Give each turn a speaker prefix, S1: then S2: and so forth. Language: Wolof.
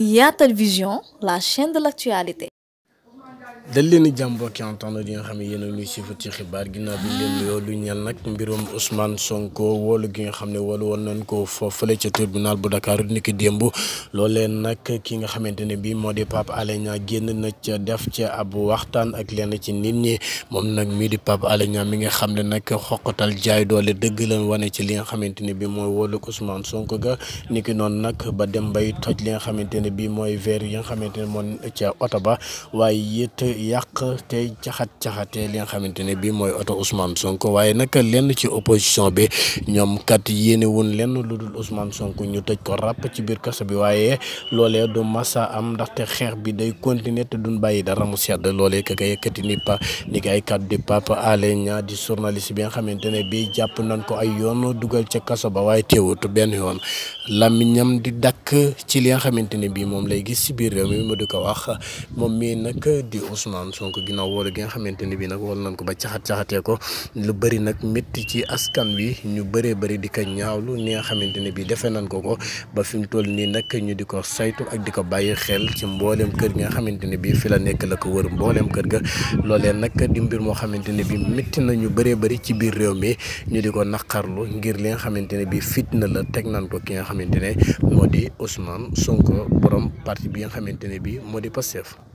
S1: Yatal Vision la chaîne de l'actualité dal leen i jàmm mbokki entendre yi nga xam ne yéen a ñuy suivre ci xibaar ginnaaw bi ñu leen lu ñeel nag mbirum Ousmane Sonko woolu gi nga xam ne woolu woon nañ ko foofale ca tribunal bu Dakar ni ki démb loolee nag ki nga xamante ne bii moo di Pape Alé génn na ca def ca ab waxtaan ak lenn ci nit ñi moom nag mii di Pape Alé mi nga xam ne nag xoqatal jaay doole dëgg la wane ci li nga xamante ne bii mooy woolu Ousmane Sonko ga ni noonu nag ba dem bay toj li nga xamante ne bii mooy verre yi nga xamante ne moom ca oto ba waaye it yàq tey caxat caxatee li nga xamante ne bii mooy oto Ousmane Sonko waaye nag lenn ci opposition bi ñoom kat yéene woon lenn lu dul Ousmane Sonko ñu tëj ko ràpp ci biir kaso bi waaye loolee du massa am ndaxte xeex bi day continuer te dun bàyyi dara mu sedd loolee ka kay yëkkati ni pa ni kay kat di Pape Alé Niang di journaliste bi nga xamante ne bii jàpp nañ ko ay yoon dugal ca kaso ba waaye teewut benn yoon làmmiñam di dakk ci li nga xamante ne bii moom lay gis ci biir ko wax Ousmane sonk ginnaaw wóolu gi nga xamante ni bii nag wóolu nañ ko ba caxat caxatee ko lu bëri nag métti ci askan bi ñu bëree bari di ko ñaawlu ni nga xamante ni bii defee nañ ko ko ba fi mu toll nii nag ñu di ko saytu ak di ko bàyyi xel ci mbooleem kër gi nga xamante ni bii fi la nekk la ko wër mbooleem kër ga loolee nag di mbir moo xamante ni bii métti na ñu bëree bëri ci biir réew mi ñu di ko naqarlu ngir li nga xamante ne bii fitna la teg nañ ko ki nga xamante ne moo di Ousmane sonk borom parti bi nga xamante ne bii moo di Pastef